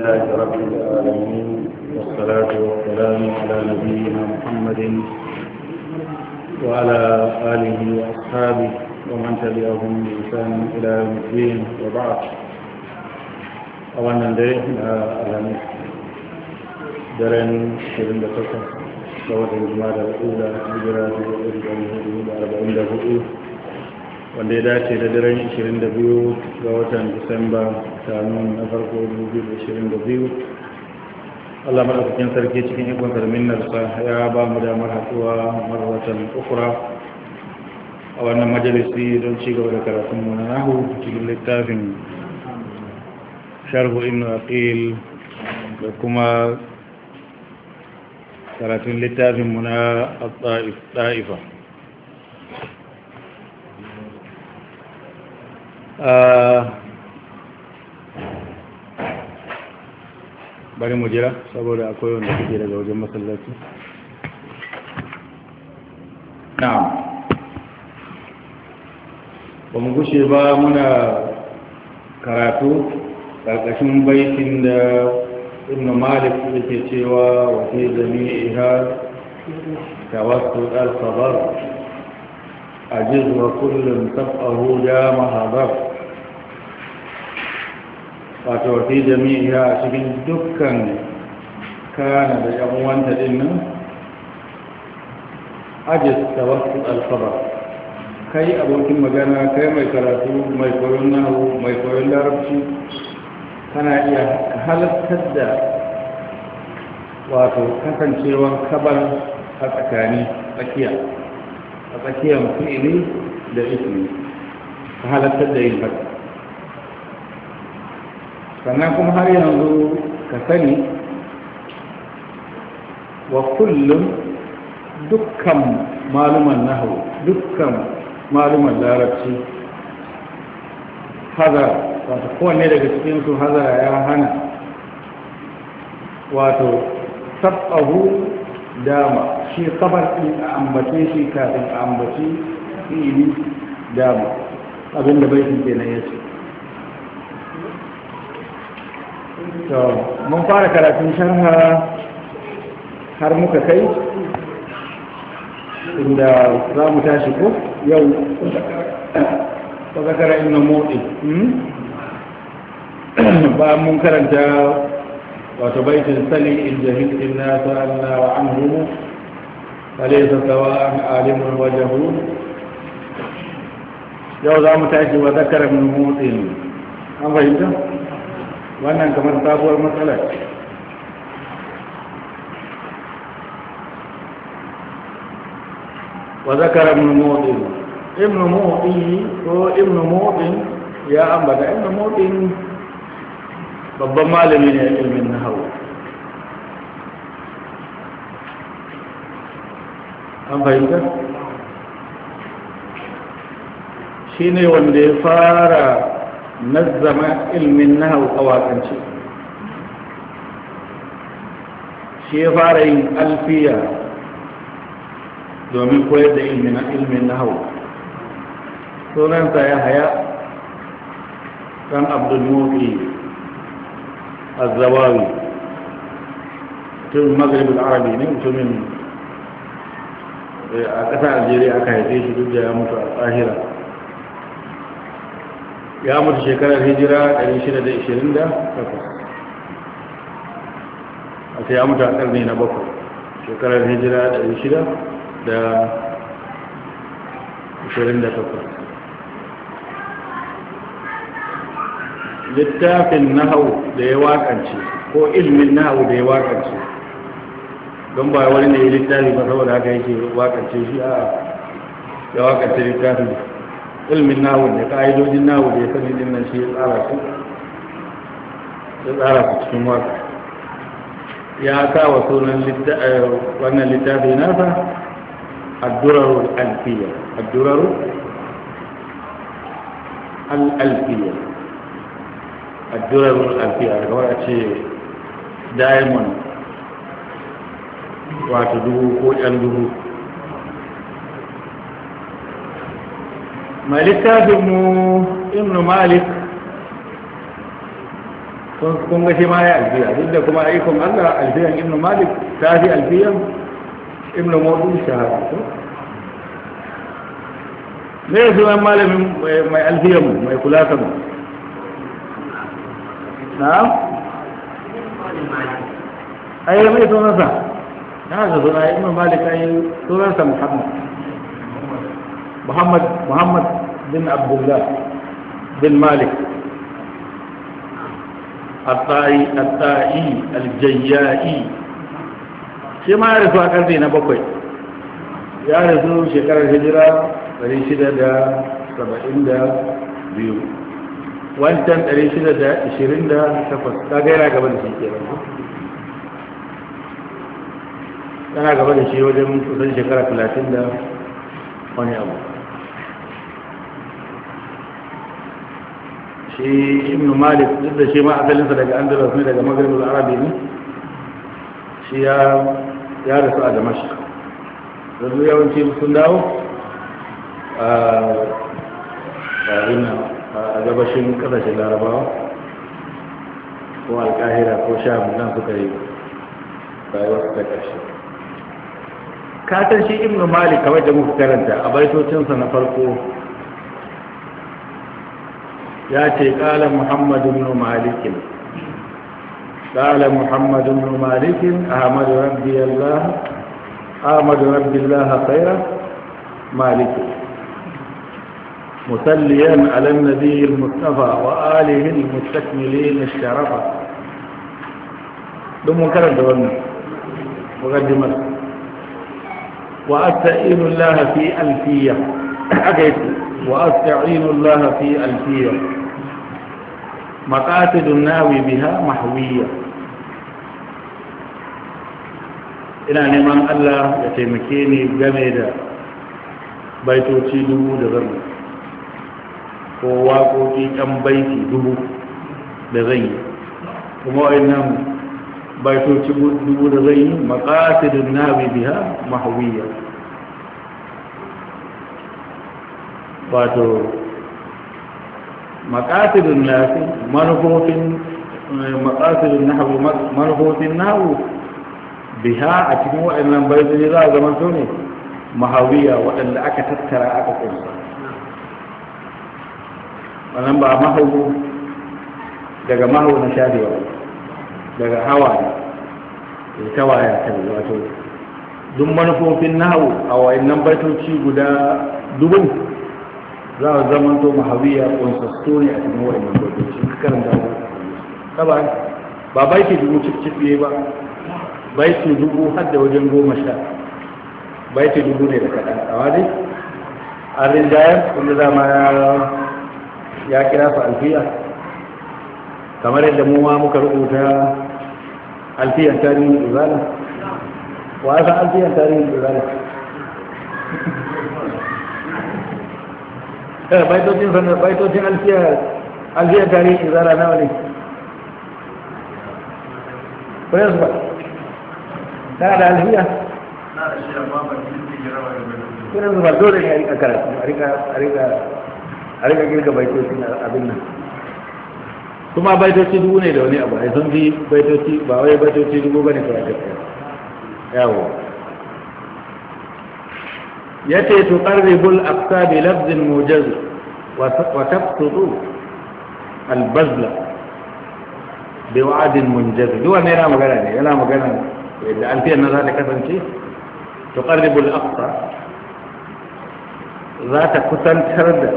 لله رب العالمين والصلاة والسلام على نبينا محمد وعلى آله وأصحابه ومن تبعهم بإحسان إلى يوم الدين وبعد أولا درينا الهمس درن شرين بسكة سورة الجمال الأولى هجرة 1444 wanda ya dace da daren 22 ga watan disamba kanun na farko 2022 allah maɗaukakin sarki cikin ikon karminarsa ya ba mu damar haɗuwa marwatan ukura a wannan majalisi don ci gaba da karatun mu na nahu cikin littafin sharhu inu aqil da kuma karatun littafin mu na ɗa'ifa Eh, bari mu jira saboda akwai wanda suke daga wajen masallaci na'am ba mu gushe ba muna karatu ƙarƙashin baitin da ibn malik yake cewa wafi jami'iha tawassul al-khabar ajiz wa kullum tafahu jama wato fi jami'a a cikin dukkan kana da yan wanta din nan ajis tawassul al-khabar kai abokin magana kai mai karatu mai koyon nahu mai koyon larabci kana iya halartar da wato kasancewar kabar a tsakani tsakiya a tsakiyar fi'ili da ismi ka halartar da yin haka sannan kuma har yanzu ka sani wa kullum dukkan maluman nahu dukkan maluman larabci hazara wato kowanne daga cikinsu hazara ya hana wato sab'ahu dama shi kabar ɗin a ambace shi kafin a ambaci ɗini dama abinda bai ke na ya ce to mun fara karatun sharha har muka kai inda za mu tashi ko yau ta zakara ina motsi hmm? ba mun karanta wato baitin sali in jahil inna sa'alna wa anhu فليس سواء عالم وجهول yau za mu tashi wa zakarar mutin an fahimta? wannan kamar sabuwar matsala ce wa zakara ibn mu'tin ibn mu'tin ko ibn mu'tin ya ambata ibn mu'tin babban malami ne a ilmin nahawu an fahimta shi ne wanda ya fara نزم علمنا وقواتن شيء شيء فارين ألفية دومين قويد علمنا علمنا هو سولان سايا هيا كان عبد الموكي الزواوي في المغرب العربي نمت من إيه، أكثر الجريعة كهيتيش دجا يموت الظاهرة ya mutu shekarar hijira 628 a ta ya mutu a karni na bakwai shekarar hijira 628 littafin nahau da ya wakance ko ilmin nahau da ya wakance don ba wani ne littafi ba saboda haka yake wakance shi a ya wakance littafin ilmin nawo da ka'idojin nawo da ya sani din nan shi ya tsara su ya tsara su cikin waka ya kawo sunan wannan littafi nasa adduraru alfiya adduraru al'alfiya adduraru alfiya daga wata ce diamond wato dubu ko yan dubu مالك كافر مو ابن مالك كنت شي ما هي ألفية عندكم أيكم ألا ألفية ابن مالك ثاني ألفية ابن موضوع شهادة ليس من مالك ما مي ألفية مو ما يقولاك مو نعم أي ما يسونا سا هذا سونا ابن مالك أي سونا سا محمد muhammad muhammad bin abdullah bin malik الطائي الطائي الجيائي shi ma ya rasu a karfe na bakwai ya rasu shekarar hijira 672 wancan 628 ta gaira gaba da shi ke tana gaba da shi wajen kusan shekara 30 da wani abu shi ibn malik duk da shi ma asalinsa daga andalus ne daga maghrib arabi ne shi ya ya rasu a damashi yanzu yawanci sun dawo a gabashin kasashen larabawa ko alkahira ko sham nan suka yi rayuwar ta ƙarshe katon shi ibn malik kamar da muka karanta a baitocinsa na farko ياتي قال محمد بن مالك قال محمد بن مالك احمد ربي الله احمد ربي الله خيرا مالك مسليا على النبي المصطفى واله المستكملين الشرفا دم كرم دولنا مقدمة وأستعين الله في ألفية أجد وأستعين الله في ألفية maqatidun nawi biha mahwiya ina neman Allah ya taimake ni game da baitoci dubu da zan ko waƙoƙi ɗan baiti dubu da kuma wa'annan baitoci biha maqasidun nafi manufofin maqasidun nahwu manufofin nahwu biha a cikin waɗannan baitoci za a zama to ne mahawiya waɗanda aka tattara aka kunsa wannan ba mahau daga mahawu na sharewa daga hawa ne ta waya ta wato duk manufofin nahawu a waɗannan baitoci guda dubu za a zama to mahawiya kunsasto ne a cikin wa'in wa'annan dokoki karin da saboda ba ba ba ke dubu cikciye ba ba ya ke dubu har da wajen goma sha ba ya ke dubu ne da kaɗan a dai an rinjayar wanda dama ya kira su alfiya kamar yadda mu ma muka rubuta alfiyan tarihin tsirrani wa san alfiyan tarihin tsirrani Eh, baitocin sanar baitocin alfiya alfiya tarihi izara nawa ne kwaye ba na da alfiya kwaye ba dole ne a rika karatu a rika girka baitocin abin nan kuma baitoci dubu ne da wani abu a sun fi baitoci ba wai baitoci dubu ba ne kawai gaskiya yawo yace tuqarribul aqsa bi lafzin mujaz wa tabsutu al bazla bi wa'din munjaz duk wannan yana magana ne yana magana da alfiyan nan za ta kasance tuqarribul aqsa za ta kusantar da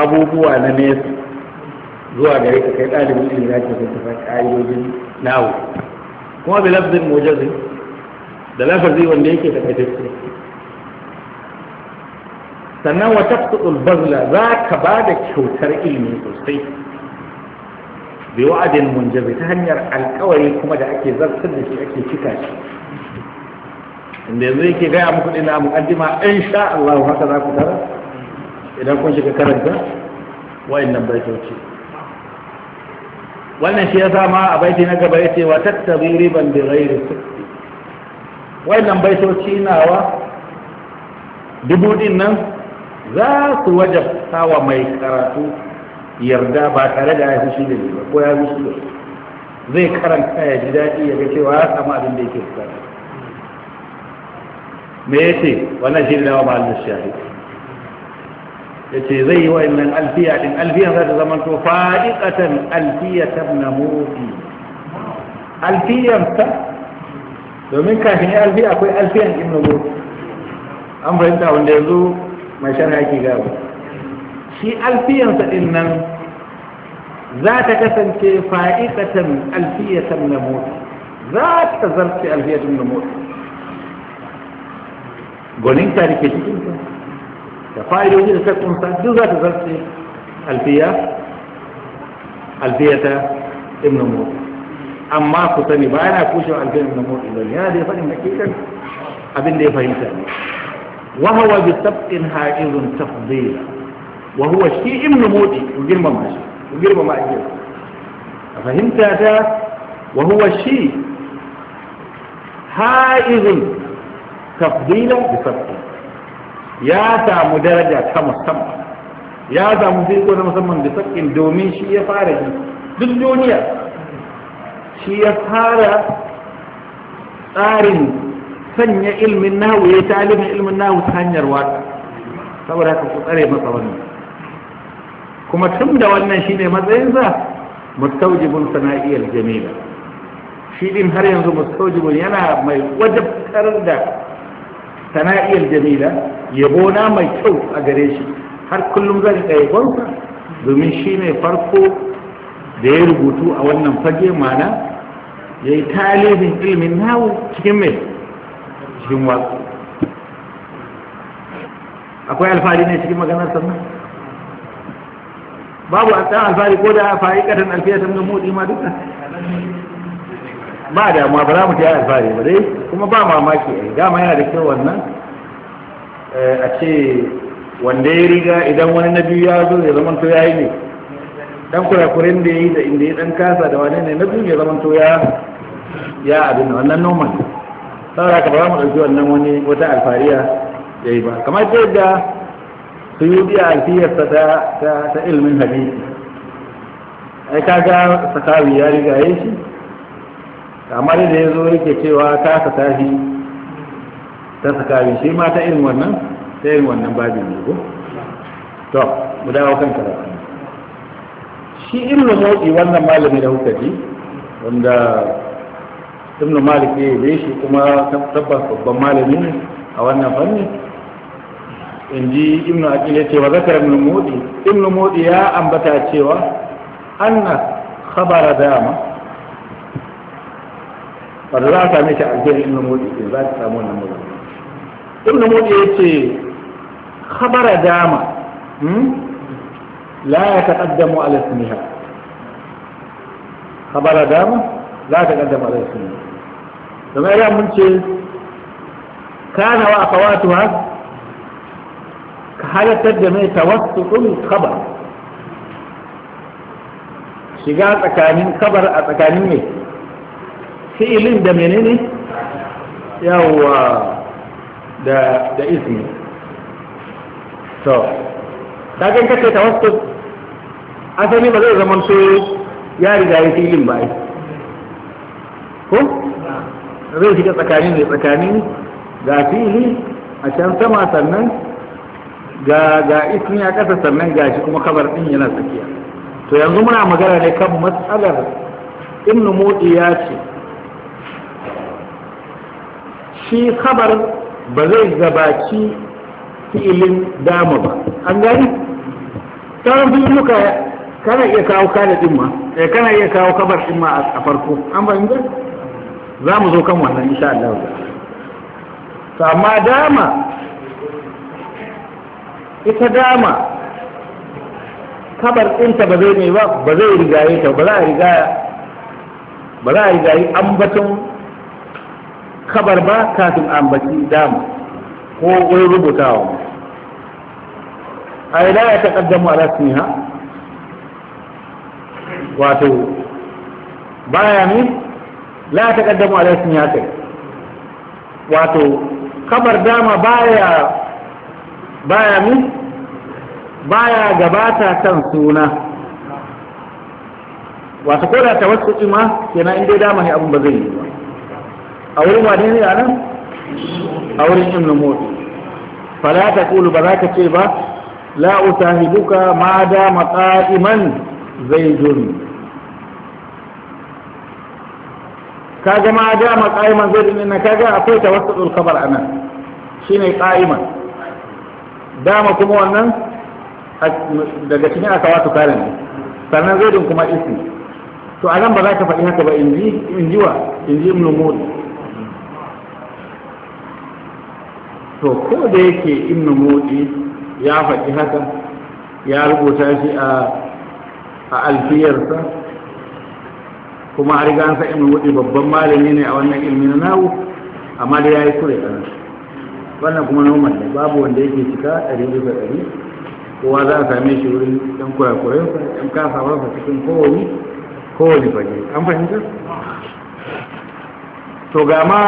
abubuwa na nesa zuwa gare ka kai ɗalibin ilimi ya ce sun tafi ƙa'idojin nawo kuma bi lafzin mujazin da lafazi wanda yake takaitacce sannan wa taqtul bazla za ka ba da kyautar ilimi sosai bi wa'adin munjabi ta hanyar alƙawari kuma da ake zartar da shi ake cika shi inda yanzu yake gaya muku dina muqaddima sha Allah haka za ku tara idan kun shiga karanta nan bai baitoci wannan shi ya sa ma a baiti na gaba ya ce wa tattabi riban bi ghairi sukti wa'annan baitoci nawa dubu din nan za su wajen sawa mai karatu yarda ba tare da ya shi da ni ba ko ya shi da zai karanta ya ji daɗi ya ga cewa ya samu abin da yake bukata me ya ce wannan shi da wa ma'al shahid ya ce zai yi wa'annan alfiya din alfiya za ta zama to fa'iqatan alfiyatan namuti alfiyan ta domin kafin alfiya akwai alfiyan ibn namuti an fahimta wanda yanzu mai sharha ke gawa shi alfiyansa din nan za ta kasance fa'idatan alfiyatan na mota za ta zarce alfiyatan na mota gwanin ta rike cikinta da fa'idoji da ta kunsa duk za ta zarce alfiya alfiyata ibn mota amma ku sani ba yana kushe alfiyatan ibn mota ba yana da ya faɗin hakikan abin da ya fahimta ne وهو بسبق هائل تفضيلا وهو شيء ابن مودي وقرب ما شيء وقرب ما اجيب فهمت هذا وهو شيء هائل تفضيلا بسبق يا سام درجة كم السماء يا سام درجة كم السماء بسبق دومين شيء فارغ للدنيا شيء فارغ تارين sanya ilmin nahu ya yi talibin ilmin nahu ta hanyar waka saboda haka ku tsare masa wannan kuma tun da wannan shine matsayinsa mustaujibun sana'iyar jamila shi din har yanzu mustaujibun yana mai wajabtar da sana'iyar jamila yabo na mai kyau a gare shi har kullum zan ɗaya domin shi ne farko da ya rubutu a wannan fage mana ya yi talibin ilmin nawo cikin mai cikin wa akwai alfahari ne cikin maganar sannan babu a tsan alfahari ko da fari kadan alfiyar sannan ga motsi ma duka ba ma ba za mu ta alfahari ba dai kuma ba mamaki a dama yana da kyau wannan eh, a ce wanda ya riga idan wani na biyu ya zo ya zama to ya yi ne dan kurakurin da ya yi da inda ya dan kasa da wani ne na biyu ya zama to ya ya abin wannan normal tsara ka ba mu ɗauki wannan wani wata alfariya ya yi ba kamar yadda su yi biya alfiyarsa ta ta ilimin hadisi ai ka ga sakawi ya riga ya shi kamar da ya zo yake cewa ta ka tashi ta sakawi shi ma ta irin wannan ta irin wannan babin ne ko to mu dawo kan karatu shi irin motsi wannan malami da kuka ji wanda ibn malik ya yabe shi kuma tabbas babban malami ne a wannan fanni in ji ibn aqil ya ce wa zakar ibn mudi ibn mudi ya ambata cewa anna khabara dama wanda za a same shi a aljihin ibn mudi ne za ta samu wannan magana ibn mudi ya ce khabara dama hmm? la ya taƙaddamu ala ismiha khabara dama za ta kaddama da su kamar ya mun ce kana wa ha ka halattar da mai ɗin kabar shiga tsakanin kabar a tsakanin ne. fi'ilin da menene yawwa da da ismi to kagan kace tawassul asali ba zai zama so ya riga ya filin ba ai ko zai shiga tsakani ne tsakani ga fili a can sama sannan ga ga ismi a ƙasa sannan ga shi kuma kabar ɗin yana tsakiya to yanzu muna magana ne kan matsalar in numuɗi ya ce shi kabar ba zai gabaci fi'ilin dama ba an gani sauran muka kana iya kawo kada ɗin ma eh, kana iya kawo kabar ɗin ma a farko an fahimta za mu zo kan wannan insha Allah to amma dama ita dama kabar ɗinta ba zai mai ba ba zai rigaye ta ba za a rigaya ba za a ambaton kabar ba kafin ambaci dama ko wani rubutawa a ila ya taƙaddamu ala siniha wato baya ne la ta kaddamu ala sun ya kai wato kamar dama baya baya mi baya gabata kan suna wato ko da tawassuci ma kenan in dai dama ne abin ba zai yi ba a wurin wani ne a nan a wurin ibn motsi fala ta kulu ba za ka ce ba la usahibuka ma dama qa'iman zaidun kaga ma dama qa'iman zai dinna kaga akwai tawassul khabar anan shine qa'iman dama kuma wannan daga cikin akawatu karin sannan zaidin kuma ismi to anan ba za ka faɗi haka ba in ji in wa in ji ibn mudi to ko da yake ibn mudi ya faɗi haka ya rubuta shi a alfiyarsa kuma a riga an sa ibn wudi babban malami ne a wannan ilmi na nawo amma da yayi kure kana wannan kuma normal ne babu wanda yake cika ɗari bisa ɗari kowa za a same shi wurin ɗan kurakurai ɗan kasawar sa cikin kowani, kowani fage an fahimta to ga ma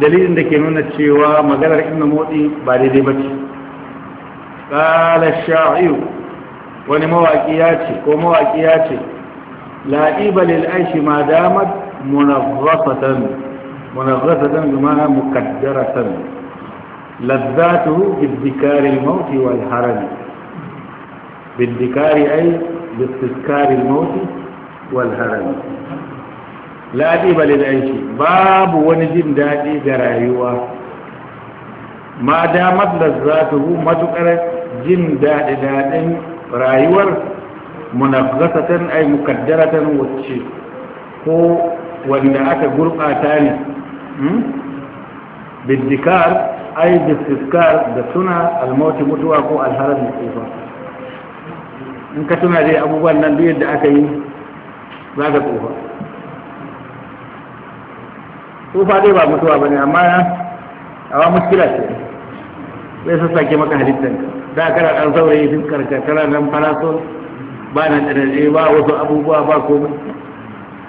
dalilin da ke nuna cewa maganar ibn motsi ba daidai ba ce ƙala sha'iyu wani mawaƙi ya ce ko mawaƙi ya ce لائبة للعيش ما دامت منغصة منغصة بمعنى مكدرة لذاته بالذكار الموت والهرم بالذكار أي بالذكار الموت والهرم لا ديب للعيش باب ونجم دادي جرايوة ما دامت لذاته ما تقرأ جن دادي دادي رايور munafzasatan ay mukaddaratan wacce ko wanda aka gurbata ne hmm? bidikar ay bistiskar da suna almauti mutuwa ko alharar mutuwa in ka tuna dai abubuwan nan duk yadda aka yi za ka tsofa tsofa dai ba mutuwa ba ne amma awa muskila ce zai sassake maka halittanka da da ɗan saurayi fiskar ka kana nan faraso ba nan da ba wasu abubuwa ba komai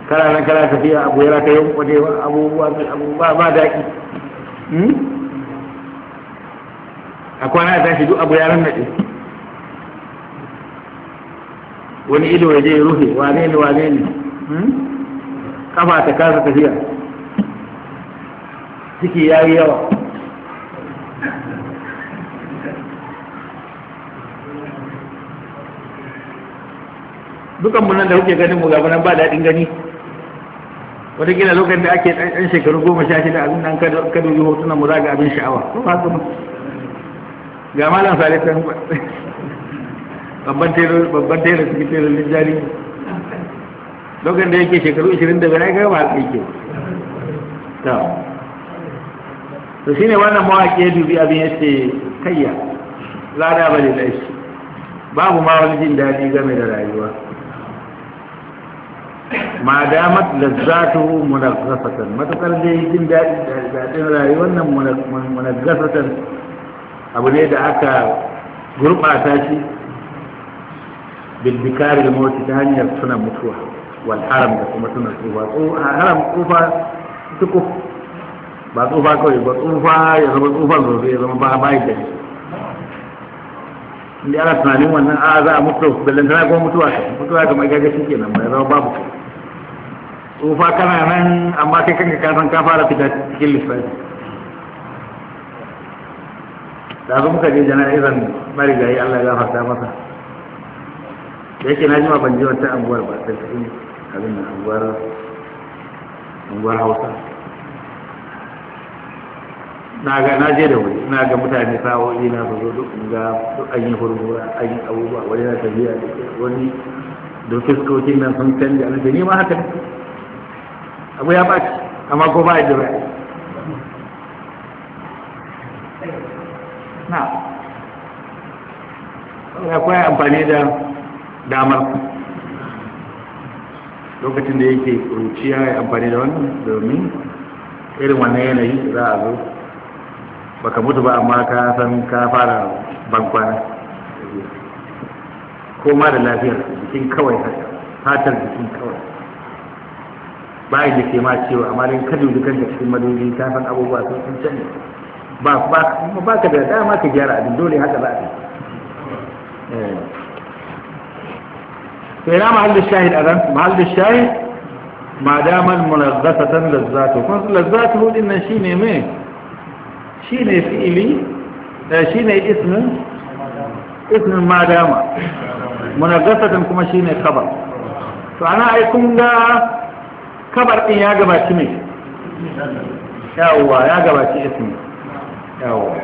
kana nan kana tafiya abu ya ka yin kwade ba abubuwa abubuwa ba daɗi hmm? a kwana ya tashi duk abu ya naɗe wani ido ya je ya rufe wane ne wane ne hmm? kafa ta kasa tafiya ciki ya yi yawa dukan nan da kuke ganin mu gaba nan ba daɗin gani wata gina lokacin da ake ɗan shekaru goma sha shida abin nan kada yi hotunan mu za abin sha'awa ga malam ta babban tero babban tero suke tero lijjali lokacin da yake shekaru 20 da biyar ga ba yake to to shine wannan mawaki ya dubi abin yace kayya lada bale lashi babu ma wani jin daɗi game da rayuwa ma damat lazzatuhu munazzafatan matukar dai jin daɗin rayuwar nan munazzafatan abu ne da aka gurɓata shi bilbikar da mawuci ta hanyar suna mutuwa wal haram da kuma suna tsufa haram tsufa tukuf ba tsufa kawai ba tsufa ya zama tsufa sosai ya zama ba bayan da shi inda ana tunanin wannan a za a mutu da lantana kuma mutuwa ka mutuwa ka gaga shi kenan ba ya zama babu kai tsofa kana nan amma kai kanka ka san ka fara fita cikin lissafi da zo muka je jana'izan marigayi Allah ya gafarta masa da yake na jima ban je wata anguwar ba ta cikin abin da anguwar anguwar Hausa na ga na je da wuri na ga mutane sa'o'i na su zo duk ga duk an yi hurmura an yi abubuwa wani na tafiya da wani da fiskokin nan sun canja na ni ma haka ne abu ya ɓaci amma ko ba a jira na ya kwaya amfani da damar lokacin da yake kuruciya ya amfani da wani domin irin wannan yanayi za a zo baka mutu ba amma ka san ka fara bankwana ko ma da lafiyar jikin kawai haka fatar jikin kawai ba da ke ma cewa amma dan ka dubi kanka cikin madogi ka san abubuwa sun sun canza ba ba ba ka da dama ka gyara abin dole haka za a yi sai eh. na mahallin shahid a ran mahallin shahid ma daman mulazzatan lazzatu kun lazzatu hudin nan shine me shine fi'ili eh, shine ismin ismin ma dama mulazzatan kuma shine khabar to ana ai kun ga kabar ɗin ya gabaci mai yawuwa ya gabaci ismi yawuwa.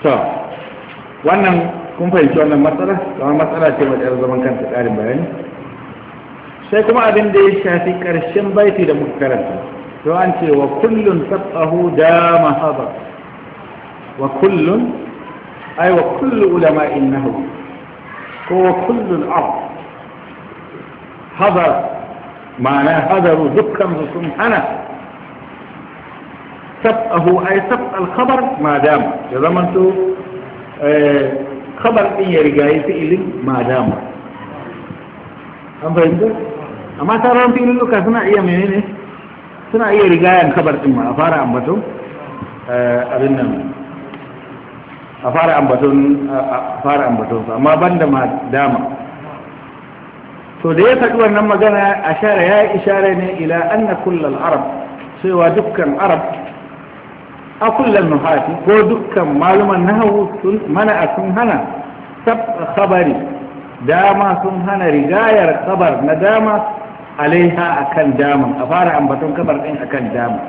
so wannan kun fahimci wannan matsala kamar matsala ce mai zaman kanta ƙarin bayani sai kuma abin da ya shafi ƙarshen baiti da muka karanta to an ce wa kullun sabqahu da mahaba wa kullun ai wa kullu ulama'in nahwu هو كل الأرض هذا معناه هذا دكا سبحانه سبقه أي سبق الخبر ما دام إذا ما أنتو آه، خبر إن يرجعي فئل ما دام أم فهمت؟ أما ترى في لك سنة إيا منين سنة إيا رجايا خبر إما أفارة أم بتو آه، أبنى منه a fara ambaton a fara ambaton su amma banda ma dama to da ya faɗi wannan magana a shara ya ishara ne ila anna kullal arab cewa dukkan arab a kullal nuhati ko dukkan maluman nahawu sun mana sun hana sab khabari dama sun hana rigayar kabar na dama alaiha akan daman a fara ambaton kabar din akan dama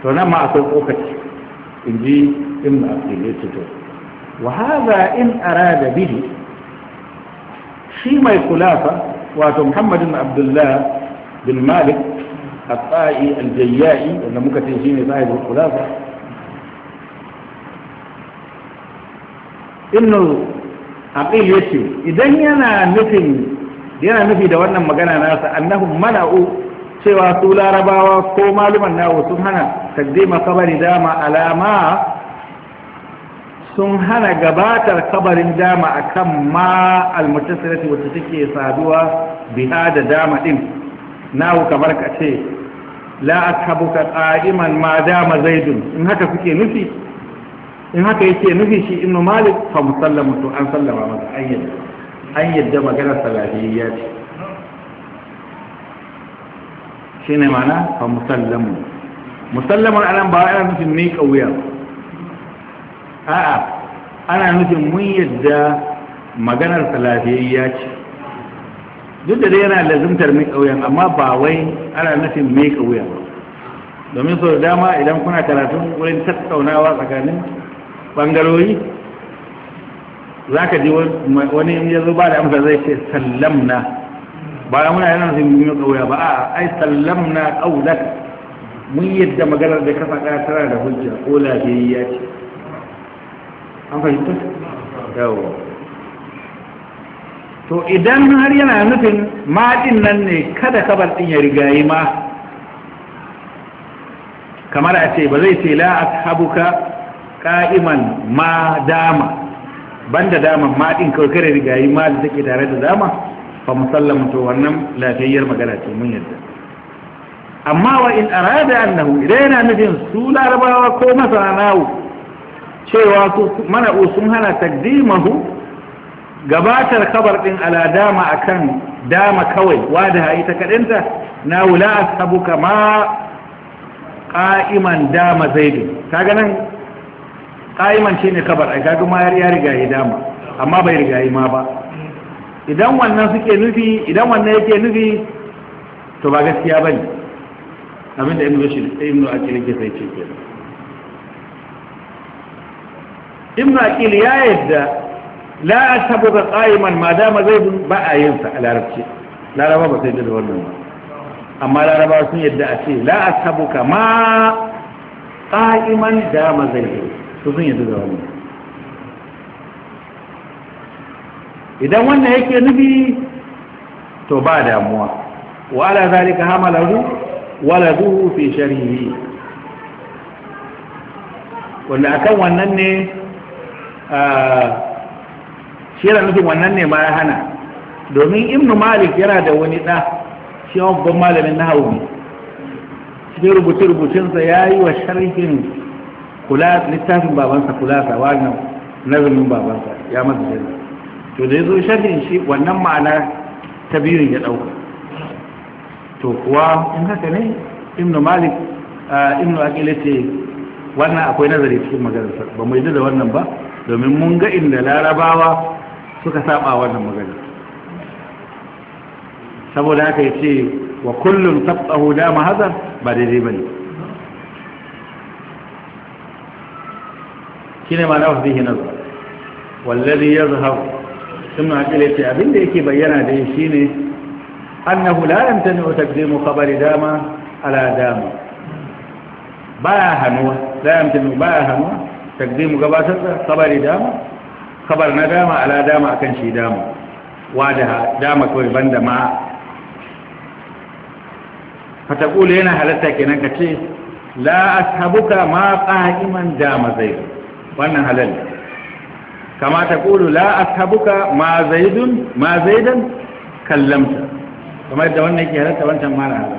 to nan ma akwai kokaci in a ibn abdullah tuto wa hadha in arada bihi shi mai kulafa wato Muhammadin ibn abdullah bin malik a الطائي الجيائي ولا ممكن تجيني صاحب الخلافه innu a yace idan yana nufin yana nufi da wannan magana nasa annahum mana'u cewa su larabawa ko maluman nawo sun hana takdima kabari dama alama sun hana gabatar kabarin dama akan ma almutasirati wacce take saduwa biha da dama din nawo kamar ka ce la ashabuka ma dama zaidun in haka kuke nufi in haka yake nufi shi ibnu malik fa musallama to an sallama masa an yadda maganar salahiyya ce shi ne mana fa musallamu musallamun anan ba ana nufin mai kauya a'a ana nufin mun yadda maganar salafiyayya ce duk da dai yana lazimtar mai kauyan amma ba wai ana nufin mai kauya ba domin sau da dama idan kuna karatun wurin tattaunawa tsakanin bangarori za ka ji wani ya zo ba da amsa zai ce sallamna bayan muna yana zai mu yi ba a ai sallamna qaulak mun yadda maganar da kafa ka tara da hujja ko ya ce an fahimta yawo to idan har yana nufin maɗin nan ne kada kabar ɗin ya rigayi ma kamar a ce ba zai ce la habuka qa'iman ma dama banda dama maɗin kawai kare rigayi ma da take tare da dama fa musallam to wannan lafiyayyar magana ce mun yadda amma wa in arada annahu idan yana nufin su larabawa ko masana nawo cewa su mana sun hana takdimahu gabatar kabar din ala dama akan dama kawai wada ha'ita kadinta na wula ashabu kama qa'iman dama zaidi kaga nan qa'iman shine kabar ai kaga ma ya riga ya dama amma bai riga ma ba idan wannan suke nufi idan wannan yake nufi to ba gaskiya bane abinda ibn bashir ibn akil yake sai ce ke ibn akil ya yadda la tabuga qa'iman ma dama zaidun ba a yin sa a larabci laraba ba sai da wannan ba amma laraba sun yadda a ce la tabuka ma qa'iman dama zaidun to sun yadda da wannan idan wannan yake nufi to ba damuwa wala zalika hamalahu duhu fi sharihi wanda akan wannan ne shi yana nufin wannan ne ma ya hana domin ibnu malik yana da wani ɗa shi yawan babban malamin na haumi cikin rubuce-rubucensa ya yi wa sharhin littafin babansa kulasa wannan nazarin babansa ya masa jirgin to da ya zo sharhin shi wannan ma'ana ta biyun ya ɗauka to kuwa in haka ne ibnu malik ibnu akila ce wannan akwai nazari cikin magana ba mu yi da wannan ba domin mun ga inda larabawa suka saba wannan magana saboda haka ya ce wa kullum tabtahu dama hazar ba daidai ba ne shi ne ma na wasu zihi nazar wallazi ya sun ma'akila ce abin da yake bayyana da shi ne annahu la yamtani wa taqdimu khabari dama ala dama baya hanuwa la yamtani baya hanuwa taqdimu gabatar da kabari dama khabar na dama ala dama akan shi dama wa da dama kawai banda ma fatakulu yana halatta kenan ka ce la'as habuka ma qa'iman dama zai wannan halal kama ta ƙulu la'asabuka ma zaidun ma zaidan kallamta kama yadda wannan yake halatta wancan mara haɗa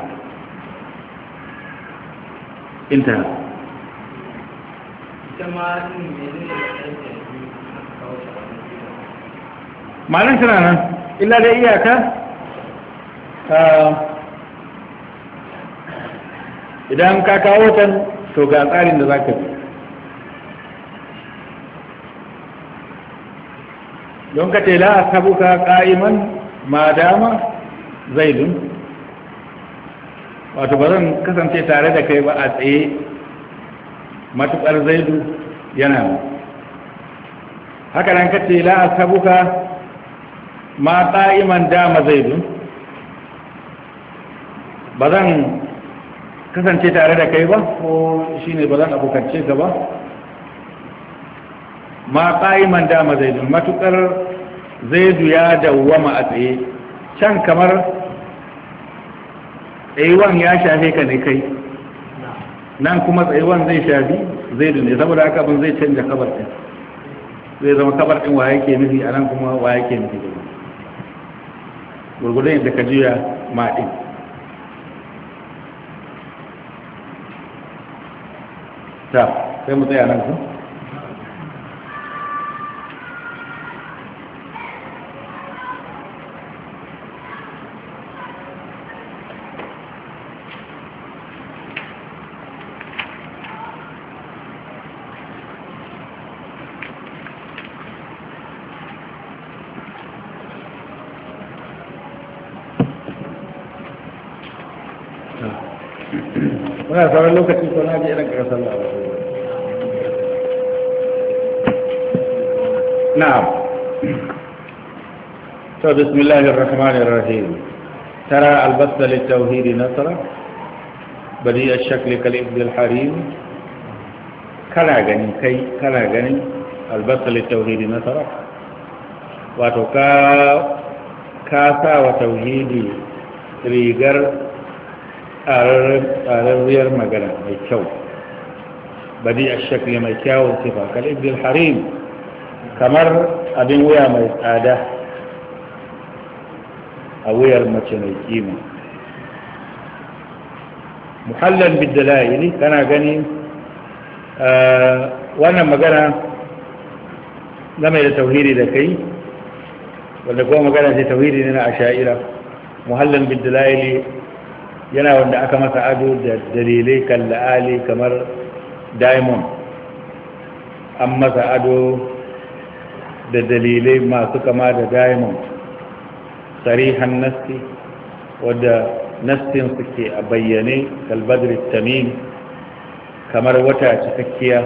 inta malin tana nan illa da iyaka idan ka kawo can to ga tsarin da za ka don ka ce la ka qa'iman ma dama zaidun wato ba zan kasance tare da kai ba a tsaye matukar zaidu yana haka nan ka ce la ka ma qa'iman dama zaidun ba zan kasance tare da kai ba ko shine ba zan abokance ka ba ma qa'iman dama zaidun matukar zaidu ya dawwama a tsaye can kamar tsayuwan ya shafe ka ne kai nan kuma tsayuwan zai shafi zaidu ne saboda haka abin zai canja kabar ɗin zai zama kabar ɗin wa yake nufi a nan kuma wa yake nufi gurgudan yadda ka juya ma ɗin ta sai mu tsaya nan kuma suna sauran lokaci ko na ji irin ka sallah na'am to bismillahir rahmanir rahim ترى البث للتوحيد نصرة بديع الشكل كالإبن الحريم كلا غني كي كلا غني البث للتوحيد نصرة واتوكا كاسا وتوحيدي ريغر tsararriyar magana mai kyau badi a shakli mai kyawun sifa kalibdil harim kamar abin wuya mai tsada a wuyar mace mai kima muhallan bidalayili kana gani wannan magana game da tauhiri da kai wanda kuma magana ce tauhiri ne na asha'ira muhallan bidalayili yana wanda aka masa ado da dalilai kalla'ali kamar diamond an masa ado da dalilai masu kama da diamond sarihan nasti wadda nastin suke a bayyane kalbadri tamim kamar wata cikakkiya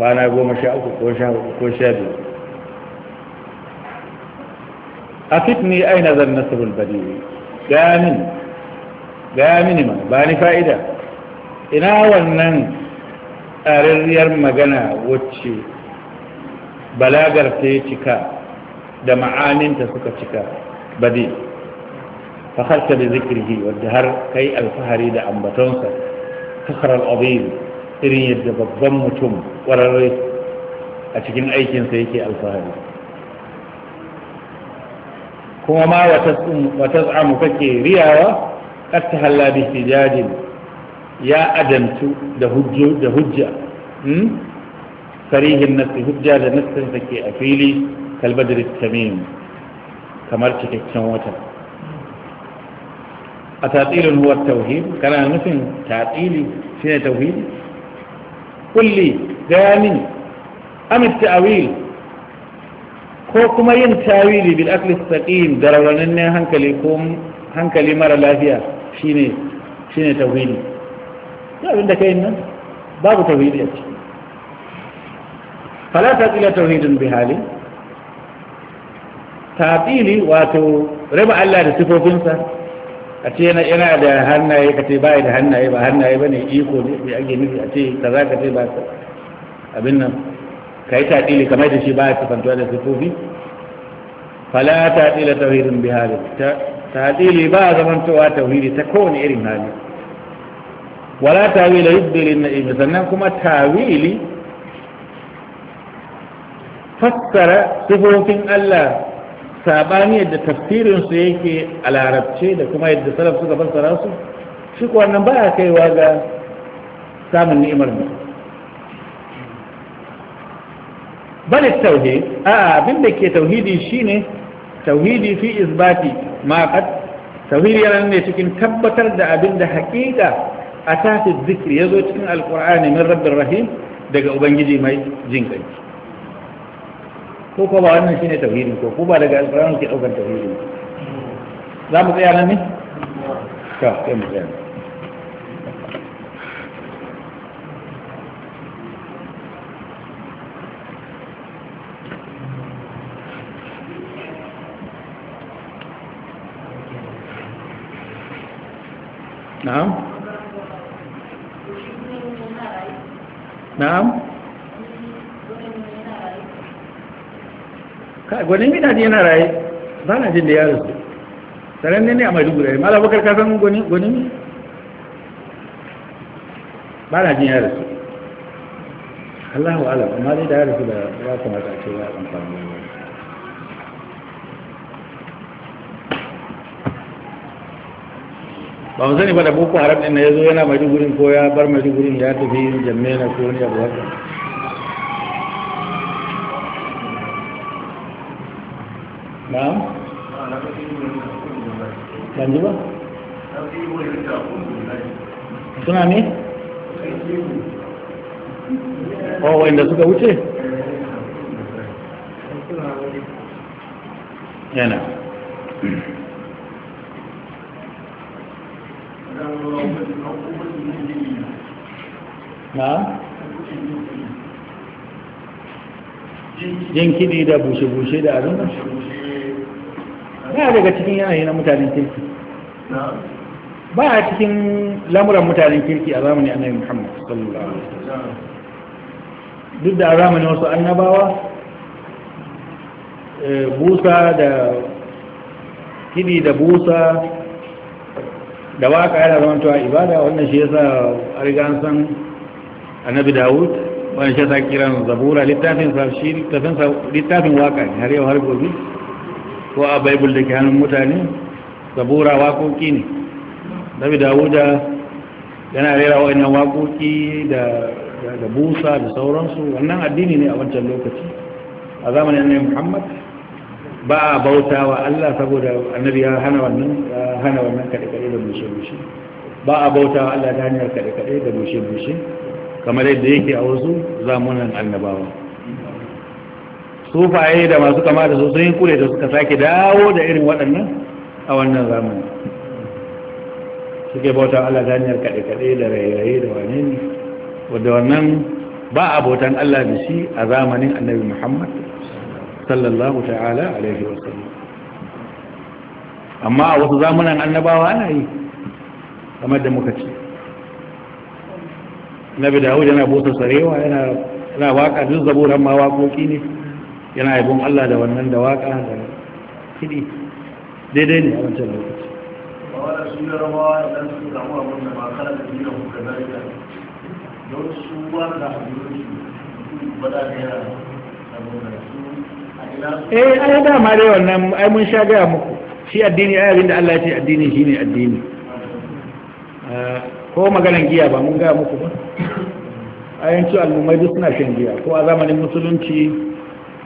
kwana goma sha uku ko sha uku ko sha biyu a fitni aina zan nasarul badiwi ganin gaya mini ma ba ni fa'ida ina wannan tsararriyar magana wacce balagar ta yi cika da ma'aninta suka cika bade fakarta da zikirhi wadda har kai alfahari da ambatonsa fakar obin irin yadda babban mutum ƙwararre a cikin aikinsa yake alfahari kuma ma wata tsamu kake riyawa قد تهلا باحتجاج يا أدمت دهج دهج صريح النص هجة ده نص تكي أفيلي كالبدر التميم كمرتك التموتة أتعطيل هو التوحيد كان مثل تعطيلي شنو توحيد قل لي داني أم التأويل ko kuma yin tawili bil akli saqim هنكلي rawanin hankali ko shine shine tauhidi ya abinda da kai nan babu tauhidi a ciki fala ta tawhidin bihali bi wato raba Allah da sifofinsa a ce yana da hannaye ka ce ba da hannaye ba hannaye ba ne iko ne bai ake nufi a ce kaza ka ce ba abin nan ka yi taɗili kamar da shi ba ya sifantuwa da sifofi fala ta tawhidin bihali bi tahdili ba zamantowa tauhidi ta kowane irin hali wala tawila yubdil na'im sannan kuma tawili fassara sifofin Allah sabani yadda tafsirin su yake a larabce da kuma yadda salaf suka fassara su shi ko wannan baya kaiwa ga samun ni'imar mu bal tauhid a abin da ke tauhidi shine tauhidi fi isbati ma qad tauhidi yana ne cikin tabbatar da abin da haƙiƙa a tafi zikri yazo cikin alqur'ani min rabbir rahim daga ubangiji mai jin kai ko ko ba wannan shine tauhidin ko ko ba daga alqur'ani ke daukar tauhidi za mu tsaya nan ne Ka sai mu tsaya na'am na'am gwanin gidaje yana raye ba na jin da ya rasu tsaron ne ne a maiduguri ya yi bakar kasan gwanin ba na jin ya rasu allahu alam amma dai da ya rasu da ya kamata a ce ya amfani ba mu sani ba da boko haram din yana maiduguri ko ya bar maiduguri ya tafi jammena ko wani abu haka na'am ba suna ne o oh, wanda suka wuce yana na jinki ne da bushe-bushe da abin nan ba daga cikin yanayi na mutanen kirki ba a cikin lamuran mutanen kirki a zamanin annabi muhammad sallallahu alaihi duk da a zamanin wasu annabawa eh, busa da kidi da busa da waka yana zama ibada wannan shi yasa a riga san annabi dawud wani shi ta kiran zabura littafin sarshi littafin waka ne har yau har gobe ko a baibul da ke hannun mutane zabura wakoki ne annabi Dawud yana rera wa'annan wakoki da da busa da sauransu wannan addini ne a wancan lokaci a zamanin annabi muhammad ba a bauta wa allah saboda annabi ya hana wannan hana wannan kaɗe-kaɗe da bushe-bushe ba a bauta wa allah ta hanyar kaɗe-kaɗe da bushe-bushe kamar yadda yake a wasu zamunan annabawa sufaye da masu kama da sosai kure da suka sake dawo da irin waɗannan a wannan zamani suke bauta Allah ta hanyar kaɗe-kaɗe da rairaye da wane ne wadda wannan ba a bautan Allah da shi a zamanin annabi Muhammad sallallahu ta'ala alaihi wasallam amma a wasu zamanin annabawa ana yi kamar da muka ce nabi dawud yana busa sarewa yana yana waka duk zaburan ma waƙoƙi ne yana yabon Allah da wannan da waka da kidi daidai ne a wancan lokaci eh ai dama dai wannan ai mun sha gaya muku shi addini ai abinda Allah ya ce addini shine addini ko maganan giya ba mun gaya muku ba yanci al'ummai duk suna shan giya ko a zamanin musulunci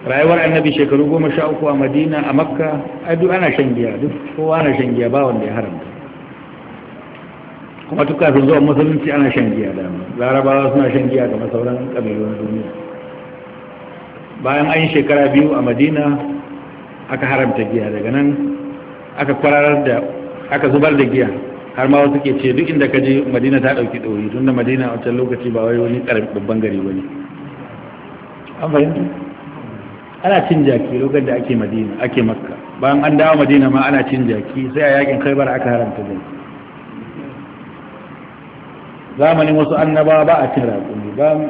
rayuwar annabi shekaru goma sha uku a madina a makka a duk ana shan giya duk kowa ana shan giya ba wanda ya haramta kuma duk kafin zuwa musulunci ana shan giya dama larabawa suna shan giya ga sauran kabilun duniya bayan an yi shekara biyu a madina aka haramta giya daga nan aka kwararar da aka zubar da giya har ma wasu ke ce duk inda ka je madina ta ɗauki ɗori tunda madina a wancan lokaci ba wai wani ƙarfi babban gari ba ne an fahimta ana cin jaki lokacin da ake madina ake makka bayan an dawo madina ma ana cin jaki sai a yakin khaibar aka haramta jaki zamanin wasu annabawa ba a cin raƙumi ba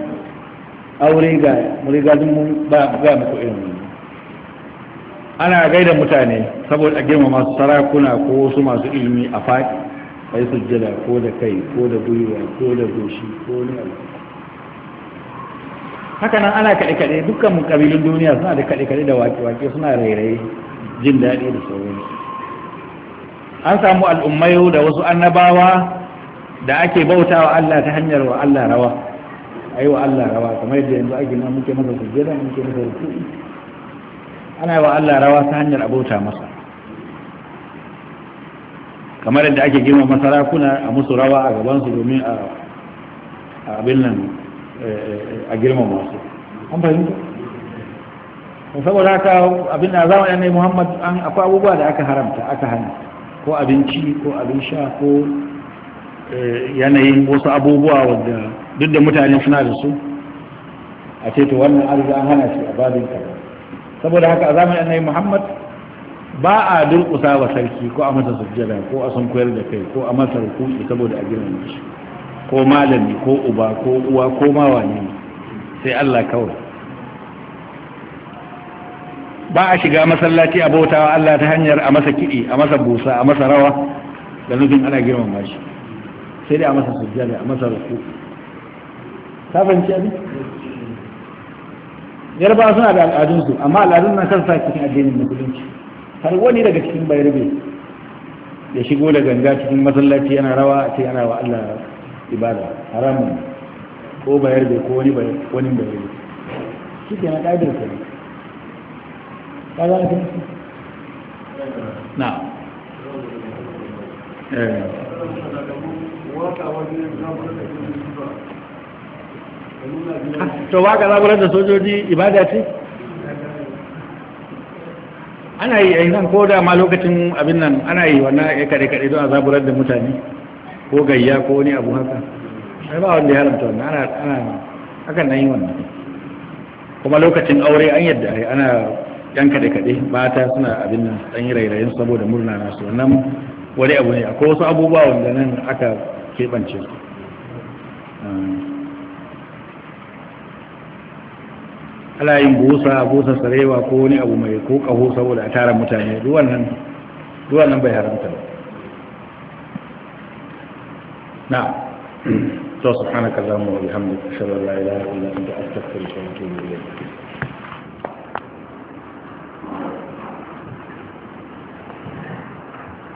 aure ga murigadin mu ba ga muku irin wannan ana gaida mutane saboda a girmama masu sarakuna ko wasu masu ilimi a faɗi a yi sujjada ko da kai ko da gwiwa ko da goshi ko ne haka nan ana kaɗe-kaɗe dukkan ƙabilun duniya suna da kaɗe-kaɗe da waƙe-waƙe suna rairaye jin daɗi da sauransu an samu al'ummayo da wasu annabawa da ake bauta wa Allah ta hanyar wa Allah rawa a wa Allah rawa kamar yadda yanzu ake nan muke masa sujjada muke masa rukuni ana yi wa Allah rawa ta hanyar abauta masa kamar yadda ake girma kuna a musu rawa a gabansu domin a abin nan eh, eh, a girma masu an fahimta saboda haka abin da zamanin yanayi muhammad an akwai abubuwa da aka haramta aka hana ko abinci ko abin sha ko eh, yanayin wasu abubuwa wadda duk da mutane suna da su a ce to wannan arziki an hana shi a babin ka. saboda haka a zamanin annabi muhammad ba a durƙusa wa sarki ko a masa sujjada ko a san koyar da kai ko a masa rukuni saboda a girmama shi ko malami ko uba ko uwa ko ma ne sai Allah kawai ba a shiga masallaci a bautawa Allah ta hanyar a masa kiɗi a masa busa a masa rawa da nufin ana girmama shi sai dai a masa sujjada a masa rukuni ta fahimci abin yarbawa suna da al'adunsu amma al'adun nan kansa sa cikin addinin musulunci har wani daga cikin bayarbe ya shigo da ganga cikin masallaci yana rawa a ce yana wa Allah ibada haramun ko bayarbe ko wani wani bayarbe shi ke na ɗadin sa ne ka za a eh. ka na to waka zaburar da sojoji ibada ce ana yi yayin eh, nan ko da ma lokacin abin nan ana yi wannan ya kare kare don a zaburar da mutane ko gayya ko wani abu haka ai ba wanda ya haramta wannan ana ana hakan nan yi wannan kuma lokacin aure an yadda ai eh, ana yan kade kade mata suna abin nan dan yi rairayin saboda murna su. wannan wani abu ne akwai wasu abubuwa wanda nan aka keɓance su ah. ala yin busa busa sarewa ko wani abu mai ko kaho saboda a tara mutane ruwan nan bai haramta ba na to subhanaka allahumma wa bihamdika ashhadu an la ilaha illa anta astaghfiruka wa atubu ilayk